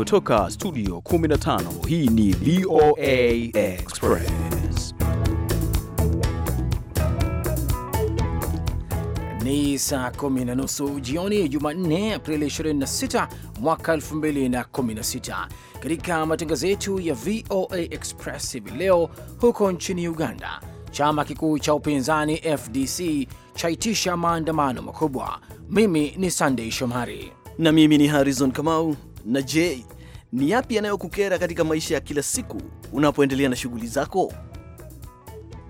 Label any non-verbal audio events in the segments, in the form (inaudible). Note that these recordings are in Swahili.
kutoka studio 15 hii ni VOA Express ni saa kumi na nusu jioni Jumanne Aprili 26 mwaka 2016 katika matangazo yetu ya VOA Express hivi leo huko nchini Uganda Chama kikuu cha upinzani FDC chaitisha maandamano makubwa. Mimi ni Sandei Shomari na mimi ni Harrison Kamau. Na je, ni yapi yanayokukera katika maisha ya kila siku unapoendelea na shughuli zako?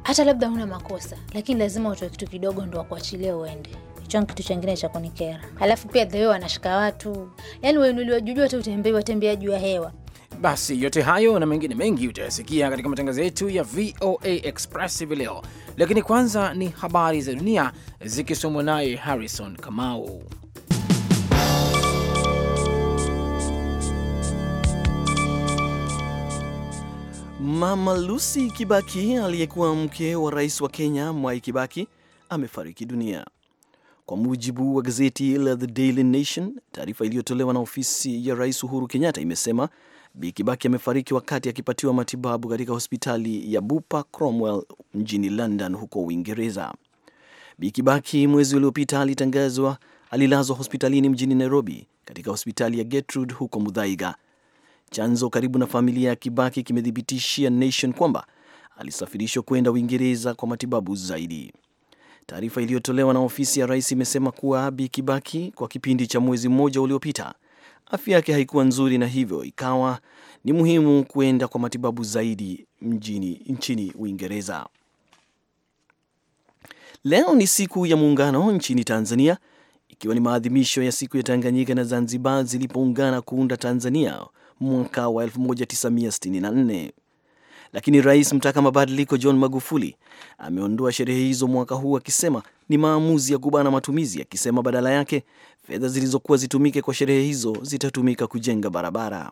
Hata labda huna makosa, lakini lazima utoe kitu kidogo ndo wakuachilie uende. Hicho kitu chengine cha kunikera. Alafu pia dhewe wanashika watu, yani wainuliwa juu hata utembei watembea juu ya hewa. Basi yote hayo na mengine mengi utayasikia katika matangazo yetu ya VOA Express hivi leo, lakini kwanza ni habari za dunia zikisomwa naye Harrison Kamau. Mama Lucy Kibaki aliyekuwa mke wa rais wa Kenya Mwai Kibaki amefariki dunia kwa mujibu wa gazeti la The Daily Nation. Taarifa iliyotolewa na ofisi ya rais Uhuru Kenyatta imesema Bi Kibaki amefariki wakati akipatiwa matibabu katika hospitali ya Bupa Cromwell mjini London huko Uingereza. Bi Kibaki mwezi uliopita alitangazwa alilazwa hospitalini mjini Nairobi katika hospitali ya Gertrude huko Mudhaiga Chanzo karibu na familia ya Kibaki kimethibitishia Nation kwamba alisafirishwa kwenda Uingereza kwa matibabu zaidi. Taarifa iliyotolewa na ofisi ya rais imesema kuwa Abi Kibaki kwa kipindi cha mwezi mmoja uliopita afya yake haikuwa nzuri na hivyo ikawa ni muhimu kuenda kwa matibabu zaidi mjini nchini Uingereza. Leo ni siku ya muungano nchini Tanzania, ikiwa ni maadhimisho ya siku ya Tanganyika na Zanzibar zilipoungana kuunda Tanzania mwaka wa 1964 lakini rais mtaka mabadiliko John Magufuli ameondoa sherehe hizo mwaka huu akisema ni maamuzi ya kubana matumizi, akisema badala yake fedha zilizokuwa zitumike kwa sherehe hizo zitatumika kujenga barabara.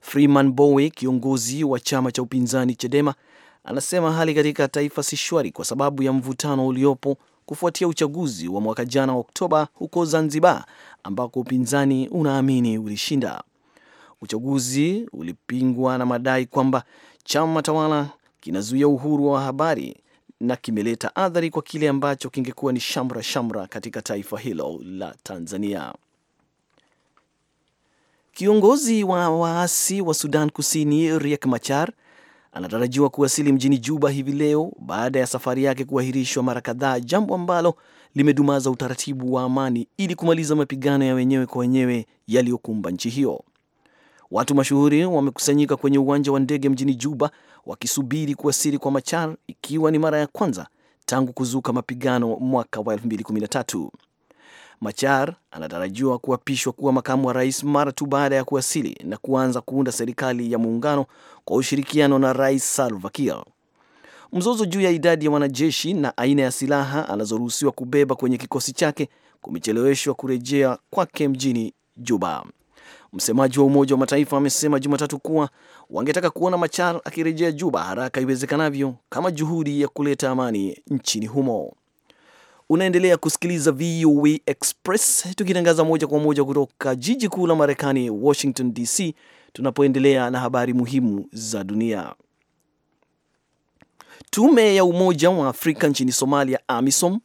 Freeman Bowe, kiongozi wa chama cha upinzani Chadema, anasema hali katika taifa si shwari kwa sababu ya mvutano uliopo kufuatia uchaguzi wa mwaka jana wa Oktoba huko Zanzibar, ambako upinzani unaamini ulishinda. Uchaguzi ulipingwa na madai kwamba chama tawala kinazuia uhuru wa habari na kimeleta athari kwa kile ambacho kingekuwa ni shamra shamra katika taifa hilo la Tanzania. Kiongozi wa waasi wa Sudan Kusini Riek Machar anatarajiwa kuwasili mjini Juba hivi leo baada ya safari yake kuahirishwa mara kadhaa, jambo ambalo limedumaza utaratibu wa amani ili kumaliza mapigano ya wenyewe kwa wenyewe yaliyokumba nchi hiyo. Watu mashuhuri wamekusanyika kwenye uwanja wa ndege mjini Juba wakisubiri kuwasili kwa Machar, ikiwa ni mara ya kwanza tangu kuzuka mapigano mwaka wa 2013. Machar anatarajiwa kuapishwa kuwa makamu wa rais mara tu baada ya kuwasili na kuanza kuunda serikali ya muungano kwa ushirikiano na Rais Salva Kiir. Mzozo juu ya idadi ya wanajeshi na aina ya silaha anazoruhusiwa kubeba kwenye kikosi chake kumecheleweshwa kurejea kwake mjini Juba. Msemaji wa Umoja wa Mataifa amesema Jumatatu kuwa wangetaka kuona Machar akirejea Juba haraka iwezekanavyo kama juhudi ya kuleta amani nchini humo. Unaendelea kusikiliza VOA Express tukitangaza moja kwa moja kutoka jiji kuu la Marekani, Washington DC, tunapoendelea na habari muhimu za dunia. Tume ya Umoja wa Afrika nchini Somalia, AMISOM,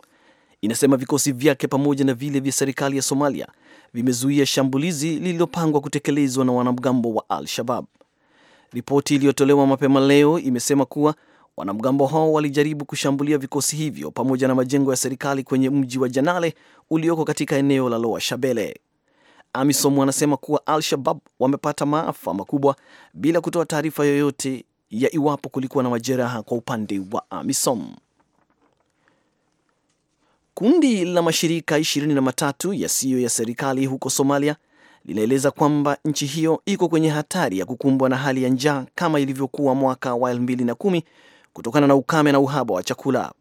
inasema vikosi vyake pamoja na vile vya serikali ya Somalia vimezuia shambulizi lililopangwa kutekelezwa na wanamgambo wa Al-Shabab. Ripoti iliyotolewa mapema leo imesema kuwa wanamgambo hao walijaribu kushambulia vikosi hivyo pamoja na majengo ya serikali kwenye mji wa Janale ulioko katika eneo la loa shabele AMISOM wanasema kuwa Al-Shabab wamepata maafa makubwa bila kutoa taarifa yoyote ya iwapo kulikuwa na majeraha kwa upande wa AMISOM. Kundi la mashirika ishirini na matatu yasiyo ya serikali huko Somalia linaeleza kwamba nchi hiyo iko kwenye hatari ya kukumbwa na hali ya njaa kama ilivyokuwa mwaka wa 2010 kutokana na ukame na uhaba wa chakula.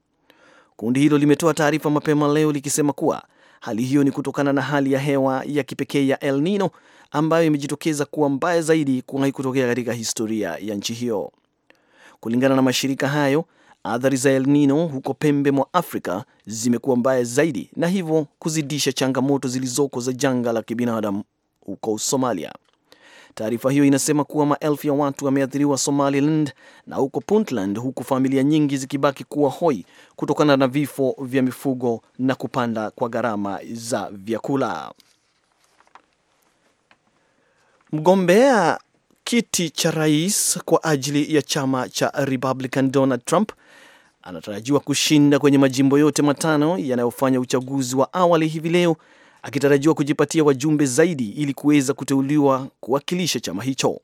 Kundi hilo limetoa taarifa mapema leo likisema kuwa hali hiyo ni kutokana na hali ya hewa ya kipekee ya El Nino ambayo imejitokeza kuwa mbaya zaidi kuwahi kutokea katika historia ya nchi hiyo. Kulingana na mashirika hayo, athari za El Nino huko pembe mwa Afrika zimekuwa mbaya zaidi na hivyo kuzidisha changamoto zilizoko za janga la kibinadamu huko Somalia. Taarifa hiyo inasema kuwa maelfu ya watu wameathiriwa Somaliland na huko Puntland, huku familia nyingi zikibaki kuwa hoi kutokana na vifo vya mifugo na kupanda kwa gharama za vyakula. Mgombea kiti cha rais kwa ajili ya chama cha Republican Donald Trump anatarajiwa kushinda kwenye majimbo yote matano yanayofanya uchaguzi wa awali hivi leo, akitarajiwa kujipatia wajumbe zaidi ili kuweza kuteuliwa kuwakilisha chama hicho.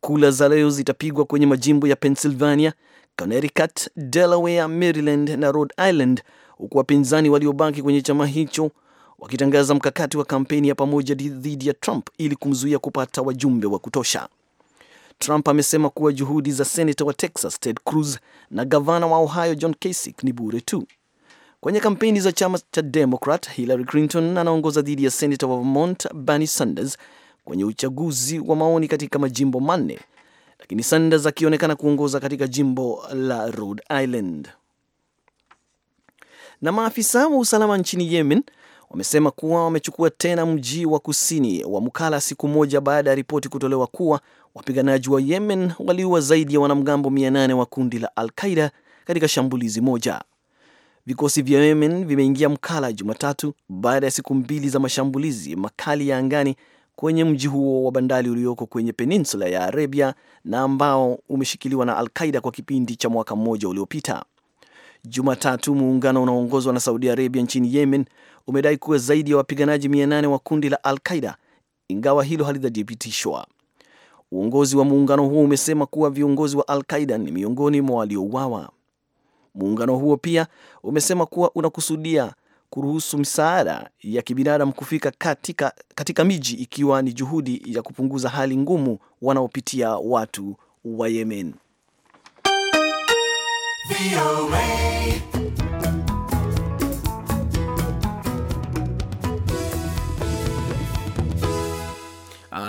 Kula za leo zitapigwa kwenye majimbo ya Pennsylvania, Connecticut, Delaware, Maryland na Rhode Island, huku wapinzani waliobaki kwenye chama hicho wakitangaza mkakati wa kampeni ya pamoja dhidi ya Trump ili kumzuia kupata wajumbe wa kutosha. Trump amesema kuwa juhudi za senata wa Texas Ted Cruz na gavana wa Ohio John Kasich ni bure tu. Kwenye kampeni za chama cha Democrat, Hillary Clinton anaongoza dhidi ya senata wa Vermont Bernie Sanders kwenye uchaguzi wa maoni katika majimbo manne, lakini Sanders akionekana kuongoza katika jimbo la Rhode Island. Na maafisa wa usalama nchini Yemen wamesema kuwa wamechukua tena mji wa kusini wa Mukala siku moja baada ya ripoti kutolewa kuwa wapiganaji wa Yemen waliua zaidi ya wanamgambo 800 wa kundi la Al-Qaida katika shambulizi moja. Vikosi vya Yemen vimeingia mkala Jumatatu baada ya siku mbili za mashambulizi makali ya angani kwenye mji huo wa bandari ulioko kwenye peninsula ya Arabia na ambao umeshikiliwa na Al-Qaida kwa kipindi cha mwaka mmoja uliopita. Jumatatu, muungano unaoongozwa na Saudi Arabia nchini Yemen umedai kuwa zaidi ya wapiganaji 800 wa kundi la Al-Qaida, ingawa hilo halijathibitishwa. Uongozi wa muungano huo umesema kuwa viongozi wa Al-Qaida ni miongoni mwa waliouawa. Muungano huo pia umesema kuwa unakusudia kuruhusu misaada ya kibinadamu kufika katika, katika miji ikiwa ni juhudi ya kupunguza hali ngumu wanaopitia watu wa Yemen.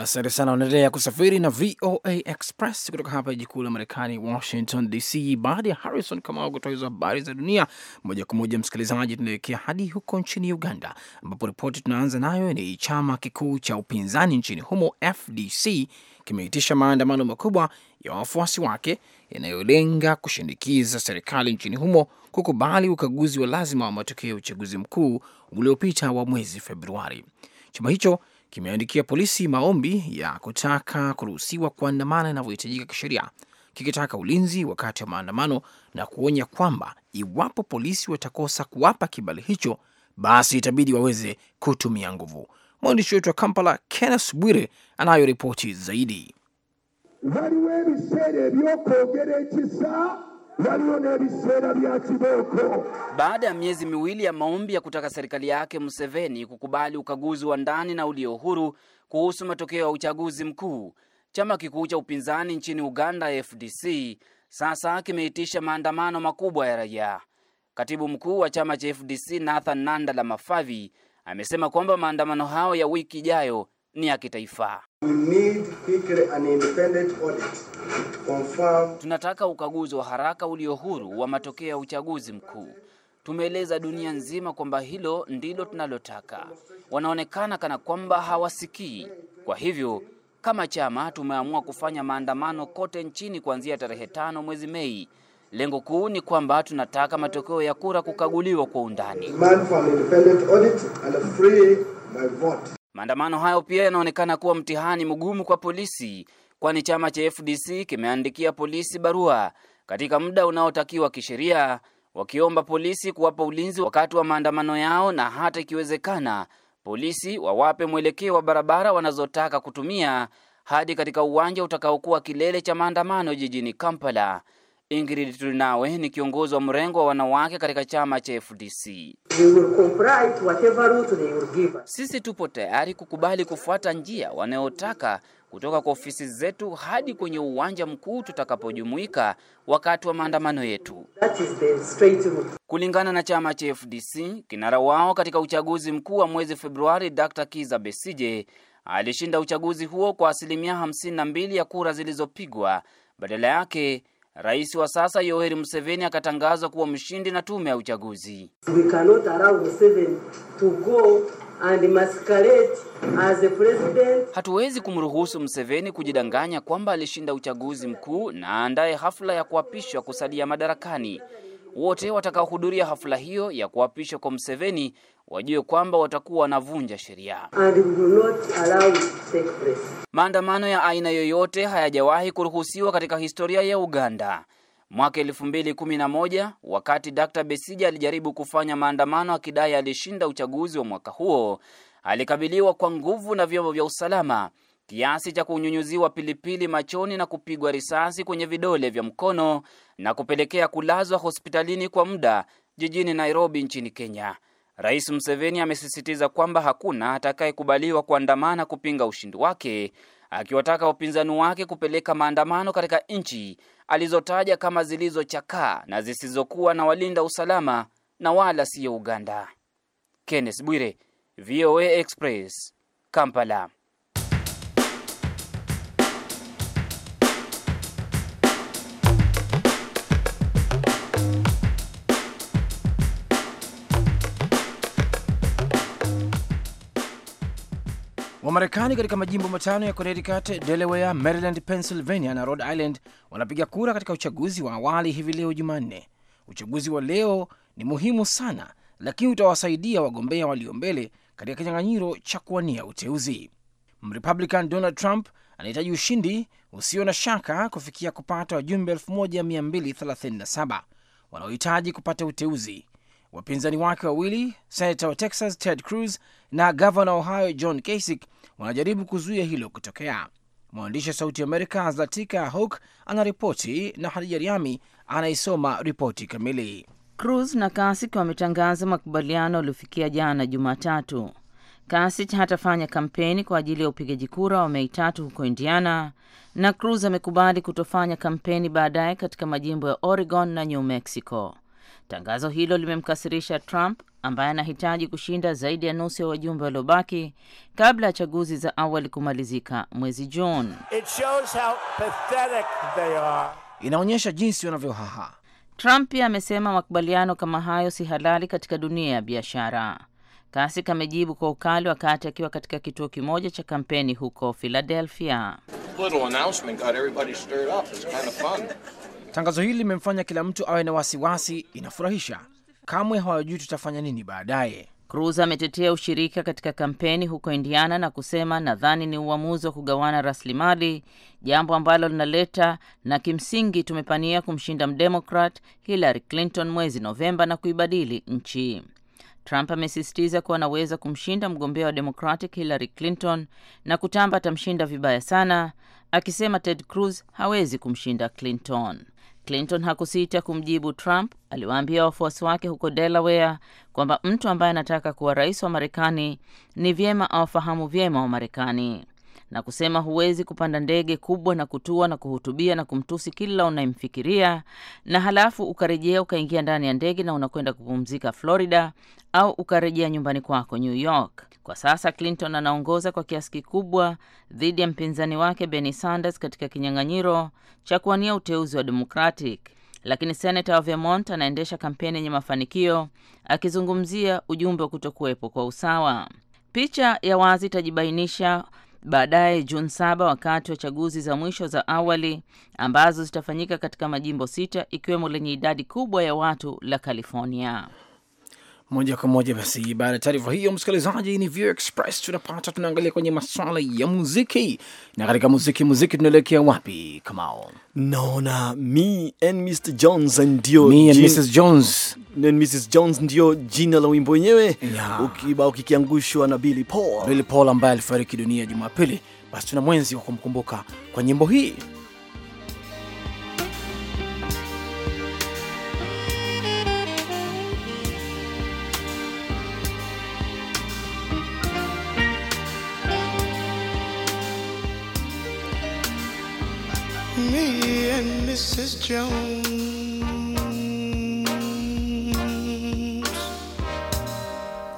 Asante sana, unaendelea kusafiri na VOA Express kutoka hapa jiji kuu la Marekani, Washington DC. Baada ya Harrison Kamau kutoa hizo habari za dunia moja kwa moja, msikilizaji, tunaelekea hadi huko nchini Uganda, ambapo ripoti tunaanza nayo ni chama kikuu cha upinzani nchini humo FDC kimeitisha maandamano makubwa ya wafuasi wake yanayolenga kushinikiza serikali nchini humo kukubali ukaguzi wa lazima wa matokeo ya uchaguzi mkuu uliopita wa mwezi Februari. Chama hicho kimeandikia polisi maombi ya kutaka kuruhusiwa kuandamana inavyohitajika kisheria, kikitaka ulinzi wakati wa maandamano na kuonya kwamba iwapo polisi watakosa kuwapa kibali hicho, basi itabidi waweze kutumia nguvu. Mwandishi wetu wa Kampala, Kenneth Bwire, anayo ripoti zaidi. Baada ya miezi miwili ya maombi ya kutaka serikali yake Museveni kukubali ukaguzi wa ndani na ulio huru kuhusu matokeo ya uchaguzi mkuu, chama kikuu cha upinzani nchini Uganda FDC sasa kimeitisha maandamano makubwa ya raia. Katibu mkuu wa chama cha FDC Nathan Nanda la Mafavi amesema kwamba maandamano hayo ya wiki ijayo ni ya kitaifa. Tunataka ukaguzi wa haraka ulio huru wa matokeo ya uchaguzi mkuu. Tumeeleza dunia nzima kwamba hilo ndilo tunalotaka. Wanaonekana kana kwamba hawasikii. Kwa hivyo kama chama tumeamua kufanya maandamano kote nchini kuanzia tarehe tano mwezi Mei. Lengo kuu ni kwamba tunataka matokeo ya kura kukaguliwa kwa undani. Maandamano hayo pia yanaonekana kuwa mtihani mgumu kwa polisi, kwani chama cha FDC kimeandikia polisi barua katika muda unaotakiwa kisheria, wakiomba polisi kuwapa ulinzi wakati wa maandamano yao na hata ikiwezekana polisi wawape mwelekeo wa barabara wanazotaka kutumia hadi katika uwanja utakaokuwa kilele cha maandamano jijini Kampala. Ingrid tulinawe ni kiongozi wa mrengo wa wanawake katika chama cha FDC. Sisi tupo tayari kukubali kufuata njia wanayotaka kutoka kwa ofisi zetu hadi kwenye uwanja mkuu tutakapojumuika wakati wa maandamano yetu. Kulingana na chama cha FDC, kinara wao katika uchaguzi mkuu wa mwezi Februari, Dr. Kiza Besije alishinda uchaguzi huo kwa asilimia 52 ya kura zilizopigwa. Badala yake rais wa sasa Yoweri Museveni akatangazwa kuwa mshindi na tume ya uchaguzi. We cannot allow Museveni to go and masquerade as a president. Hatuwezi kumruhusu Museveni kujidanganya kwamba alishinda uchaguzi mkuu na andaye hafla ya kuapishwa kusalia madarakani. Wote watakaohudhuria hafla hiyo ya kuapishwa kwa Mseveni wajue kwamba watakuwa wanavunja sheria. Maandamano ya aina yoyote hayajawahi kuruhusiwa katika historia ya Uganda. Mwaka 2011 wakati Dr. Besija alijaribu kufanya maandamano akidai alishinda uchaguzi wa mwaka huo, alikabiliwa kwa nguvu na vyombo vya usalama kiasi cha kunyunyuziwa pilipili machoni na kupigwa risasi kwenye vidole vya mkono na kupelekea kulazwa hospitalini kwa muda jijini Nairobi nchini Kenya. Rais Museveni amesisitiza kwamba hakuna atakayekubaliwa kuandamana kupinga ushindi wake, akiwataka wapinzani wake kupeleka maandamano katika nchi alizotaja kama zilizochakaa na zisizokuwa na walinda usalama na wala siyo Uganda. Kenneth Bwire, VOA Express, Kampala. Wamarekani katika majimbo matano ya Connecticut, Delaware, Maryland, Pennsylvania na Rhode Island wanapiga kura katika uchaguzi wa awali hivi leo Jumanne. Uchaguzi wa leo ni muhimu sana, lakini utawasaidia wagombea walio mbele katika kinyang'anyiro cha kuwania uteuzi. Mrepublican Donald Trump anahitaji ushindi usio na shaka kufikia kupata wajumbe 1237 wanaohitaji kupata uteuzi Wapinzani wake wawili, senata wa Texas Ted Cruz na gavana wa Ohio John Kasich, wanajaribu kuzuia hilo kutokea. Mwandishi wa Sauti Amerika Zlatika Hoke anaripoti na Hadija Riami anaisoma ripoti kamili. Cruz na Kasich wametangaza makubaliano waliofikia jana Jumatatu. Kasich hatafanya kampeni kwa ajili ya upigaji kura wa Mei tatu huko Indiana, na Cruz amekubali kutofanya kampeni baadaye katika majimbo ya Oregon na New Mexico. Tangazo hilo limemkasirisha Trump ambaye anahitaji kushinda zaidi ya nusu ya wajumbe waliobaki kabla ya chaguzi za awali kumalizika mwezi Juni. Inaonyesha jinsi wanavyohaha. Trump pia amesema makubaliano kama hayo si halali katika dunia ya biashara. kasik amejibu kwa ukali wakati akiwa katika kituo kimoja cha kampeni huko Philadelphia. Tangazo hili limemfanya kila mtu awe na wasiwasi. Inafurahisha, kamwe hawajui tutafanya nini baadaye. Cruz ametetea ushirika katika kampeni huko Indiana na kusema, nadhani ni uamuzi wa kugawana rasilimali, jambo ambalo linaleta na kimsingi tumepania kumshinda mdemokrat Hillary Clinton mwezi Novemba na kuibadili nchi. Trump amesisitiza kuwa anaweza kumshinda mgombea wa Democratic Hillary Clinton na kutamba atamshinda vibaya sana, akisema Ted Cruz hawezi kumshinda Clinton. Clinton hakusita kumjibu Trump. Aliwaambia wafuasi wake huko Delaware kwamba mtu ambaye anataka kuwa rais wa Marekani ni vyema awafahamu vyema wa Marekani na kusema huwezi kupanda ndege kubwa na kutua na kuhutubia na kumtusi kila unayemfikiria na halafu ukarejea ukaingia ndani ya ndege na unakwenda kupumzika Florida au ukarejea nyumbani kwako New York. Kwa sasa Clinton anaongoza kwa kiasi kikubwa dhidi ya mpinzani wake Bernie Sanders katika kinyang'anyiro cha kuwania uteuzi wa Democratic, lakini senata wa Vermont anaendesha kampeni yenye mafanikio akizungumzia ujumbe wa kutokuwepo kwa usawa. Picha ya wazi itajibainisha baadaye Juni saba wakati wa chaguzi za mwisho za awali ambazo zitafanyika katika majimbo sita ikiwemo lenye idadi kubwa ya watu la California moja kwa moja. Basi baada ya taarifa hiyo, msikilizaji, ni View Express tunapata, tunaangalia kwenye maswala ya muziki, na katika muziki muziki tunaelekea wapi? Kamao, naona Me and Mr Jones ndio Me and Mrs Jones Mrs Jones ndio jina la wimbo wenyewe, yeah. Ukibao kikiangushwa na Billy Paul, Billy Paul ambaye alifariki dunia Jumapili. Basi tuna mwenzi wa kumkumbuka kwa nyimbo hii. Mrs. Jones.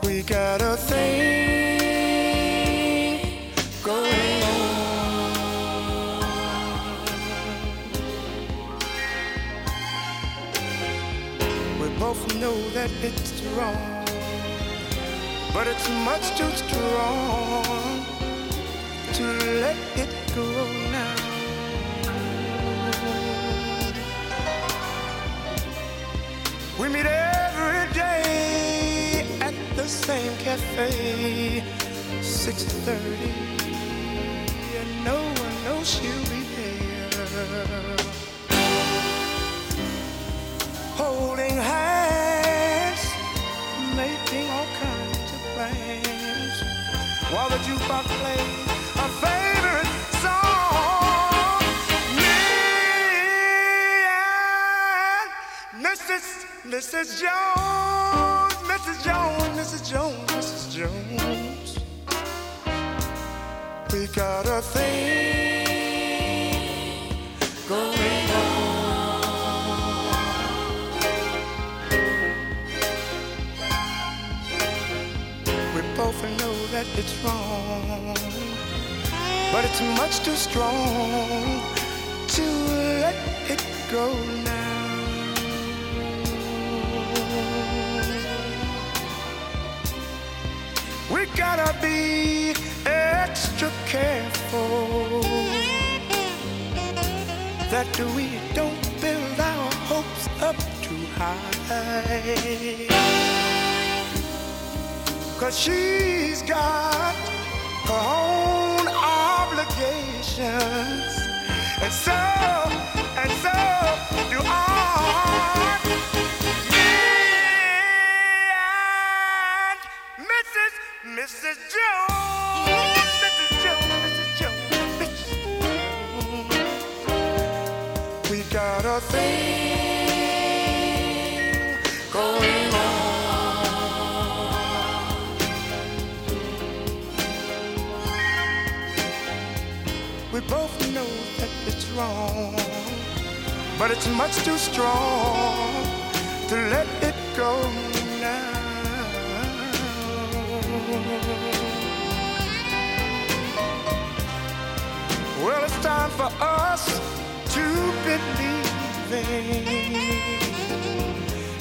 We got a thing going on. We both know that it's wrong, but it's much too strong. cafe, 6.30, and no one knows she'll be there. Holding hands, making all kinds of plans, while the jukebox plays a favorite song. Me and Mrs. Mrs. Jones. Mrs. Jones, Mrs. Jones. Jones. We got a thing going on. We both know that it's wrong, but it's much too strong to let it go now. We gotta be extra careful that we don't build our hopes up too high. Cause she's got her own obligations, and so, and so do I. Mrs. Jones. Mrs. Jones, Mrs. Jones, Mrs. Joe. We got a thing going on. We both know that it's wrong, but it's much too strong to let it go. Well, it's time for us to believe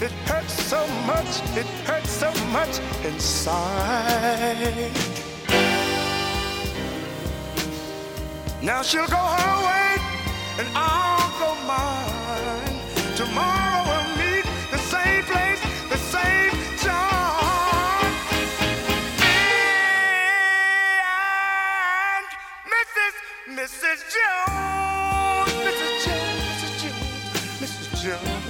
it. It hurts so much, it hurts so much inside. Now she'll go her way, and I'll go mine. you.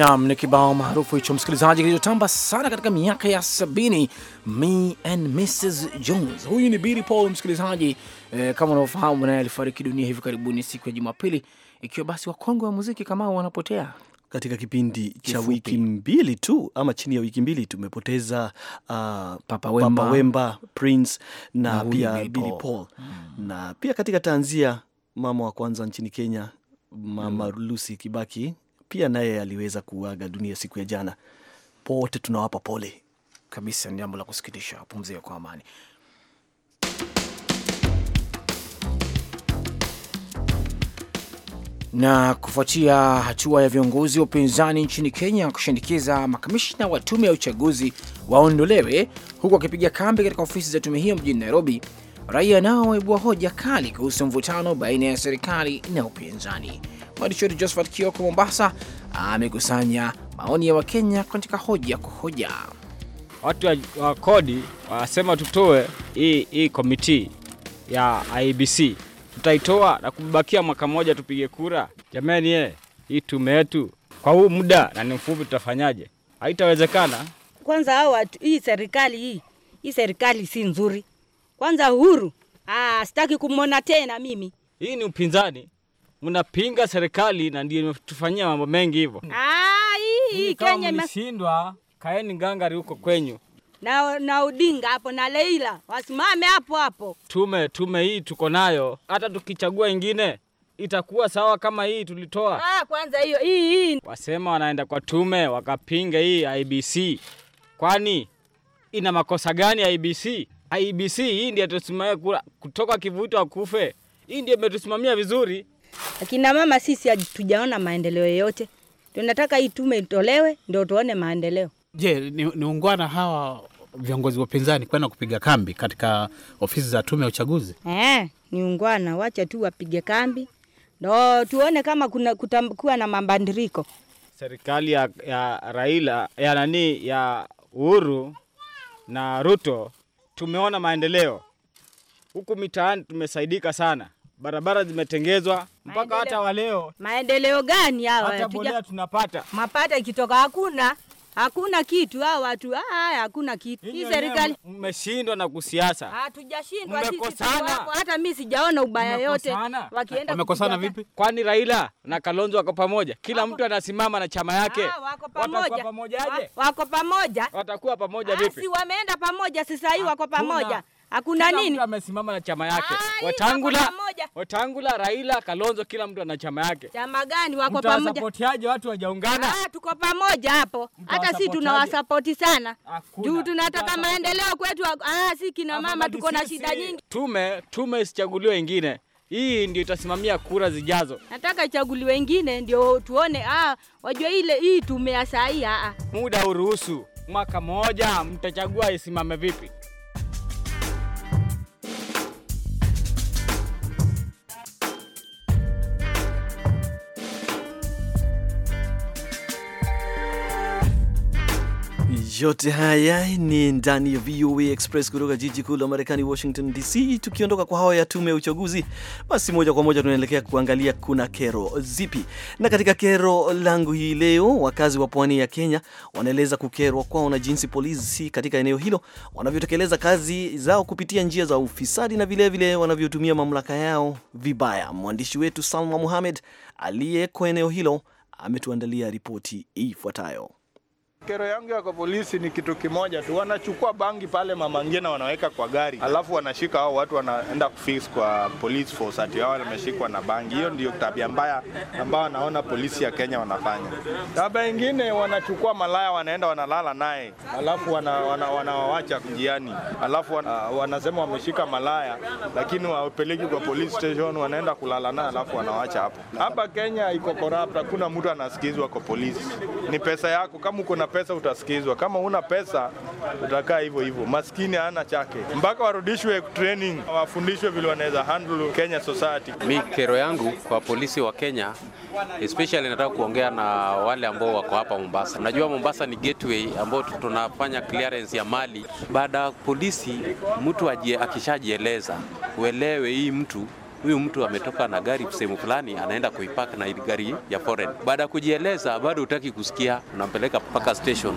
Naam, ni kibao maarufu hicho msikilizaji, kilichotamba sana katika miaka ya sabini, Me and Mrs Jones. Huyu ni Billy Paul msikilizaji, e, kama unavyofahamu naye alifariki dunia hivi karibuni siku ya Jumapili, ikiwa basi wakongwe wa muziki kama wanapotea katika kipindi cha wiki mbili tu ama chini ya wiki mbili tumepoteza uh, Papa Wemba, Papa Wemba, Prince na, na pia Billy Billy Paul. Hmm. Na pia katika tanzia mama wa kwanza nchini Kenya mama hmm. Lucy Kibaki pia naye aliweza kuaga dunia siku ya jana. Pote tunawapa pole kabisa, ni jambo la kusikitisha. Pumzika kwa amani. Na kufuatia hatua ya viongozi wa upinzani nchini Kenya kushinikiza makamishna wa tume ya uchaguzi waondolewe, huku wakipiga kambi katika ofisi za tume hiyo mjini Nairobi, raia nao waibua hoja kali kuhusu mvutano baina ya serikali na upinzani. Mwandishi wetu Josephat Kioko Mombasa amekusanya maoni ya Wakenya katika hoja kwa hoja. Watu wa kodi wanasema tutoe hii hii komiti ya IBC, tutaitoa na kubakia mwaka mmoja tupige kura. Jamani ye, hii tume yetu kwa huu muda na ni mfupi, tutafanyaje? Haitawezekana. Kwanza hao watu, hii serikali hii hii serikali si nzuri. Kwanza Uhuru, ah, sitaki kumwona tena mimi. Hii ni upinzani mnapinga serikali na ndio imetufanyia mambo mengi hivyo. Ah, hii Kenya imeshindwa. Kaeni ngangari huko kwenyu na, na Odinga hapo na Leila wasimame hapo hapo. Tume tume hii tuko nayo, hata tukichagua ingine itakuwa sawa kama hii tulitoa. Ah, kwanza hiyo hii hii wasema wanaenda kwa tume wakapinga hii IBC, kwani ina makosa gani IBC? IBC hii ndio tusimamia kutoka kivuto akufe. Hii ndio imetusimamia vizuri. Akina mama sisi hatujaona maendeleo yoyote, tunataka hii tume itolewe ndio tuone maendeleo. Je, ni, ni ungwana hawa viongozi wa upinzani kwenda kupiga kambi katika ofisi za tume ya uchaguzi? Eh, ni ungwana, wacha tu wapige kambi ndo tuone kama kuna kutakuwa na mabandiriko. Serikali ya, ya Raila ya nani ya Uhuru na Ruto tumeona maendeleo huku mitaani, tumesaidika sana barabara zimetengezwa mpaka hata waleo. Maendeleo gani hawa? Hata bolea tunapata mapata ikitoka, hakuna hakuna kitu hawa watu ah, ah hakuna kitu. Hii serikali mmeshindwa na kusiasa, hatujashindwa mmekosana. Hata mimi sijaona ubaya yote, wakienda wamekosana vipi? Kwani Raila na Kalonzo wako pamoja, kila mtu anasimama na chama yake. Ah, wako pamoja, wako pamoja, watakuwa pamoja vipi? Si wameenda pamoja, sasa hivi wako pamoja. Hakuna hakuna nini, mtu amesimama na chama yake. Ah, Watangula, Watangula, Raila, Kalonzo, kila mtu ana chama yake. Chama gani wako pamoja? Mtawasapotiaje watu wajaungana? Ah, tuko pamoja hapo, hata si tunawasapoti sana juu tunataka maendeleo kwetu. Ah, si kina mama tuko na shida nyingi. Tume tume isichaguliwe wengine hii ndio itasimamia kura zijazo. Nataka ichaguliwe wengine ndio tuone, ah, wajua ile hii tume ya saa hii. Ah, ah. muda uruhusu mwaka mmoja, mtachagua isimame vipi? Yote haya ni ndani ya VOA Express kutoka jiji kuu la Marekani, Washington DC. Tukiondoka kwa hawa ya tume ya uchaguzi, basi moja kwa moja tunaelekea kuangalia kuna kero zipi. Na katika kero langu hii leo, wakazi wa pwani ya Kenya wanaeleza kukerwa kwao na jinsi polisi katika eneo hilo wanavyotekeleza kazi zao kupitia njia za ufisadi na vilevile wanavyotumia mamlaka yao vibaya. Mwandishi wetu Salma Muhamed aliyeko eneo hilo ametuandalia ripoti ifuatayo. Kero yangu ya kwa polisi ni kitu kimoja tu, wanachukua bangi pale Mama Ngina wanaweka kwa gari, alafu wanashika hao watu wanaenda kufix kwa police force, ati hao wameshikwa na bangi. Hiyo ndio tabia mbaya ambayo wanaona polisi ya Kenya wanafanya. Tabia ingine wanachukua malaya, wanaenda wanalala naye, alafu wanawawacha wana, wana njiani, alafu wana, wanasema wameshika malaya, lakini wapeleki kwa police station, wanaenda kulala naye, alafu wanawacha hapo. Hapa Kenya iko corrupt, hakuna mtu anasikizwa kwa polisi. Ni pesa yako kama uko na pesa utasikizwa, kama una pesa utakaa hivyo hivyo, maskini hana chake, mpaka warudishwe training, wafundishwe vile wanaweza handle Kenya society. Mi kero yangu kwa polisi wa Kenya especially nataka kuongea na wale ambao wako hapa Mombasa. Unajua Mombasa ni gateway ambao tunafanya clearance ya mali. Baada ya polisi, mtu akishajieleza, uelewe hii mtu huyu mtu ametoka na gari sehemu fulani, anaenda kuipak na ile gari ya foreign. Baada ya kujieleza, bado hutaki kusikia, unampeleka mpaka station,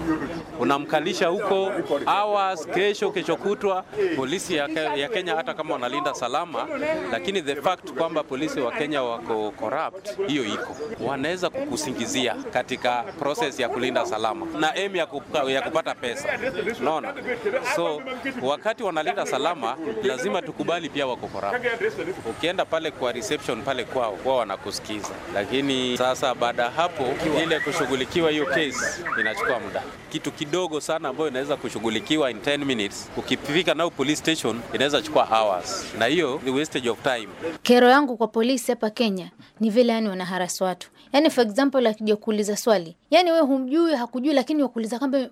unamkalisha huko hours, kesho kesho kutwa. Polisi ya, ya Kenya hata kama wanalinda salama, lakini the fact kwamba polisi wa Kenya wako corrupt, hiyo iko, wanaweza kukusingizia katika process ya kulinda salama na aim ya, kupa, ya kupata pesa, unaona. So wakati wanalinda salama, lazima tukubali pia wako corrupt. Okay? ukienda pale kwa reception pale kwao wao wanakusikiza, lakini sasa baada hapo ile kushughulikiwa hiyo case inachukua muda, kitu kidogo sana ambayo inaweza kushughulikiwa in 10 minutes, ukifika nao police station inaweza chukua hours, na hiyo ni wastage of time. Kero yangu kwa polisi hapa Kenya ni vile yani wanaharasi watu yani for example akija kuuliza swali, yani we humjui hakujui, lakini wakuuliza kwamba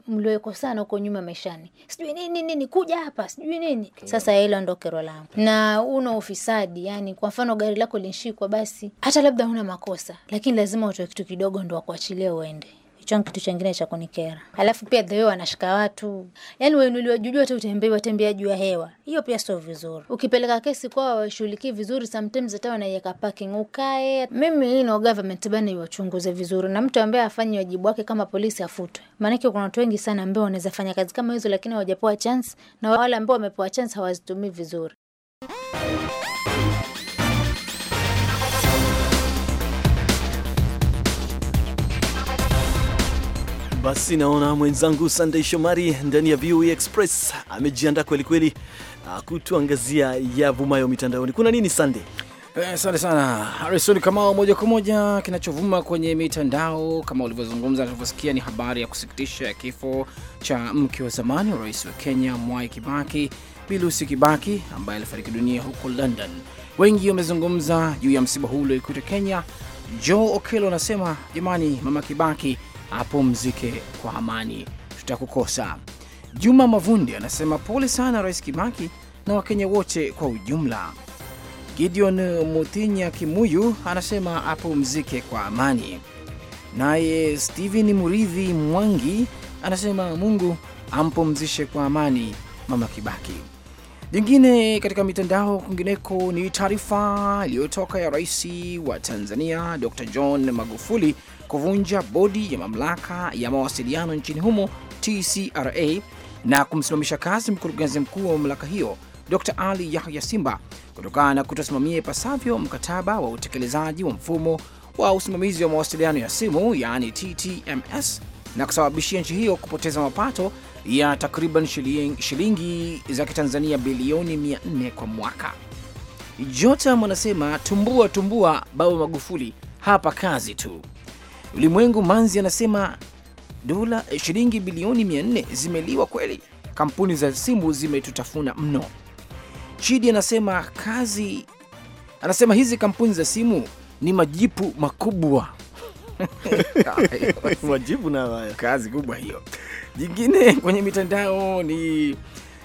sana huko nyuma maishani, sijui nini nini, kuja hapa sijui nini. Sasa hilo ndo kero langu. Na una ufisadi, yani kwa mfano gari lako linshikwa, basi hata labda una makosa, lakini lazima utoe kitu kidogo ndo wakuachilia uende changu kitu chengine cha kunikera. Alafu pia the way wanashika watu, yani yaani wainuliwajujua tu utembei watembea juu ya hewa, hiyo pia sio vizuri. Ukipeleka kesi kwa hawashughulikii vizuri, sometimes hata wanaiweka parking ukae. Mimi hii na government bana iwachunguze vizuri, na mtu ambaye afanye wajibu wake kama polisi afutwe, maanake kuna watu wengi sana ambao wanaweza fanya kazi kama hizo, lakini hawajapewa chance, na wale ambao wamepewa chance hawazitumii vizuri. Basi naona mwenzangu Sunday Shomari ndani ya VOA Express amejiandaa kweli kweli kutuangazia yavumayo mitandaoni. Kuna nini Sunday? Eh, asante eh, sana Harrison kama Moja kwa moja kinachovuma kwenye mitandao kama ulivyozungumza, tulivyosikia ni habari ya kusikitisha ya kifo cha mke wa zamani wa rais wa Kenya Mwai Kibaki, bilusi Kibaki ambaye alifariki dunia huko London. Wengi wamezungumza juu ya msiba huu ulioikuta Kenya. Joe Okello anasema jamani, mama Kibaki apumzike kwa amani, tutakukosa. Juma mavundi anasema pole sana Rais Kibaki na Wakenya wote kwa ujumla. Gideon Mutinya Kimuyu anasema apumzike kwa amani. Naye Steven Muridhi Mwangi anasema Mungu ampumzishe kwa amani Mama Kibaki. Jingine katika mitandao kwingineko ni taarifa iliyotoka ya rais wa Tanzania Dr. John Magufuli kuvunja bodi ya mamlaka ya mawasiliano nchini humo TCRA na kumsimamisha kazi mkurugenzi mkuu wa mamlaka hiyo Dr. Ali Yahya Simba kutokana na kutosimamia ipasavyo mkataba wa utekelezaji wa mfumo wa usimamizi wa mawasiliano ya simu yaani TTMS na kusababishia nchi hiyo kupoteza mapato ya takriban shilingi, za kitanzania bilioni 400 kwa mwaka. Jotam anasema tumbua tumbua Baba Magufuli, hapa kazi tu. Ulimwengu Manzi anasema dola eh, shilingi bilioni 400 zimeliwa kweli, kampuni za simu zimetutafuna mno. Chidi anasema kazi, anasema hizi kampuni za simu ni majipu makubwa (laughs) majipu na kazi kubwa hiyo. Jingine kwenye mitandao ni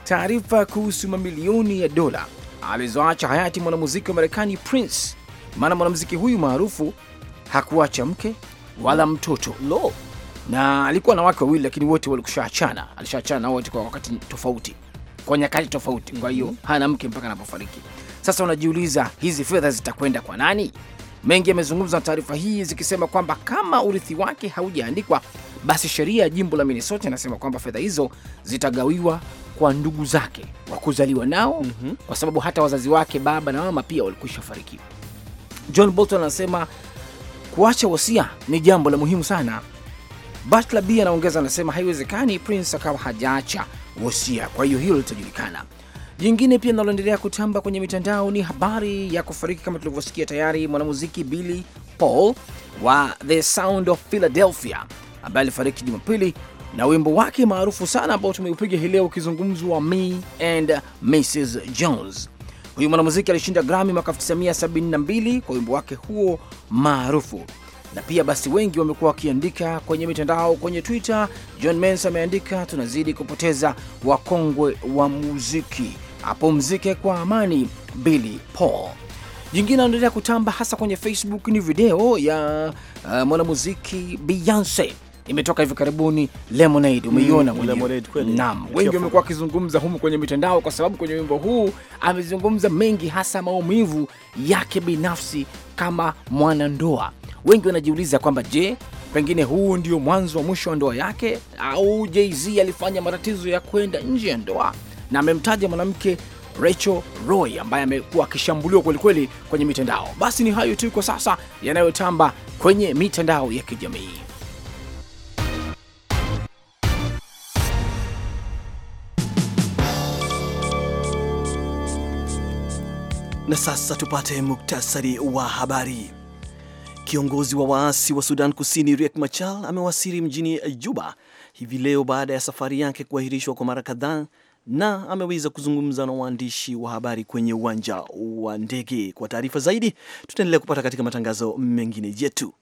taarifa kuhusu mamilioni ya dola alizoacha hayati mwanamuziki wa Marekani Prince, maana mwanamuziki huyu maarufu hakuacha mke wala mtoto Lo. na alikuwa na wake wawili, lakini wote walikushaachana, alishaachana wote kwa wakati tofauti, kwa nyakati tofauti. Kwa hiyo mhm. hana mke mpaka anapofariki. Sasa unajiuliza hizi fedha zitakwenda kwa nani? Mengi yamezungumza na taarifa hii zikisema kwamba kama urithi wake haujaandikwa, basi sheria ya jimbo la Minnesota inasema kwamba fedha hizo zitagawiwa kwa ndugu zake wa kuzaliwa nao mm -hmm. kwa sababu hata wazazi wake baba na mama pia walikwisha fariki. John Bolton anasema kuacha wasia ni jambo la muhimu sana. Butler B anaongeza anasema haiwezekani Prince akawa hajaacha wasia, kwa hiyo hilo litajulikana. Jingine pia linaloendelea kutamba kwenye mitandao ni habari ya kufariki kama tulivyosikia tayari mwanamuziki Billy Paul wa The Sound of Philadelphia ambaye alifariki Jumapili na wimbo wake maarufu sana ambao tumeupiga hii leo ukizungumzwa Me and Mrs Jones. Huyu mwanamuziki alishinda Grammy mwaka 1972 kwa wimbo wake huo maarufu, na pia basi wengi wamekuwa wakiandika kwenye mitandao, kwenye Twitter. John Mensa ameandika tunazidi kupoteza wakongwe wa muziki apumzike kwa amani Billy Paul. Jingine anaendelea kutamba hasa kwenye Facebook ni video ya uh, mwanamuziki Beyonce imetoka hivi karibuni Lemonade, umeiona mm, mwenyewe? Naam, wengi wamekuwa wakizungumza humu kwenye mitandao, kwa sababu kwenye wimbo huu amezungumza mengi, hasa maumivu yake binafsi kama mwanandoa. Wengi wanajiuliza kwamba je, pengine huu ndio mwanzo wa mwisho wa ndoa yake, au Jay-Z alifanya matatizo ya kwenda nje ya ndoa? na amemtaja mwanamke Rachel Roy ambaye amekuwa akishambuliwa kwelikweli kwenye mitandao. Basi ni hayo tu kwa sasa yanayotamba kwenye mitandao ya kijamii. Na sasa tupate muktasari wa habari. Kiongozi wa waasi wa Sudan Kusini Riek Machar amewasili mjini Juba hivi leo baada ya safari yake kuahirishwa kwa mara kadhaa na ameweza kuzungumza na waandishi wa habari kwenye uwanja wa ndege. Kwa taarifa zaidi, tutaendelea kupata katika matangazo mengine yetu.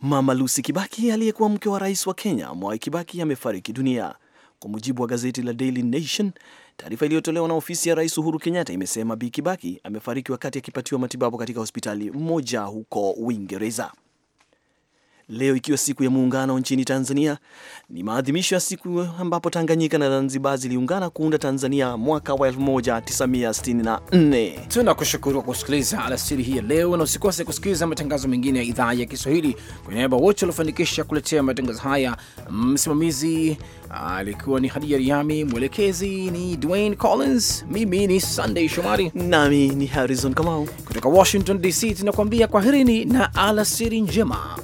Mama Lucy Kibaki aliyekuwa mke wa rais wa Kenya Mwai Kibaki amefariki dunia kwa mujibu wa gazeti la Daily Nation. Taarifa iliyotolewa na ofisi ya rais Uhuru Kenyatta imesema Bi Kibaki amefariki wakati akipatiwa matibabu katika hospitali moja huko Uingereza. Leo ikiwa siku ya muungano nchini Tanzania, ni maadhimisho ya siku ambapo Tanganyika na Zanzibar ziliungana kuunda Tanzania mwaka wa 1964. Tunakushukuru kwa kusikiliza alasiri hii ya leo, na usikose kusikiliza matangazo mengine ya idhaa ya Kiswahili. Kwa niaba wote waliofanikisha kuletea matangazo haya, msimamizi ah, alikuwa ni Hadija Riami, mwelekezi ni Dwayne Collins, mimi ni Sunday Shomari nami ni Harrison Kamau kutoka Washington DC, tunakuambia kwaherini na alasiri njema.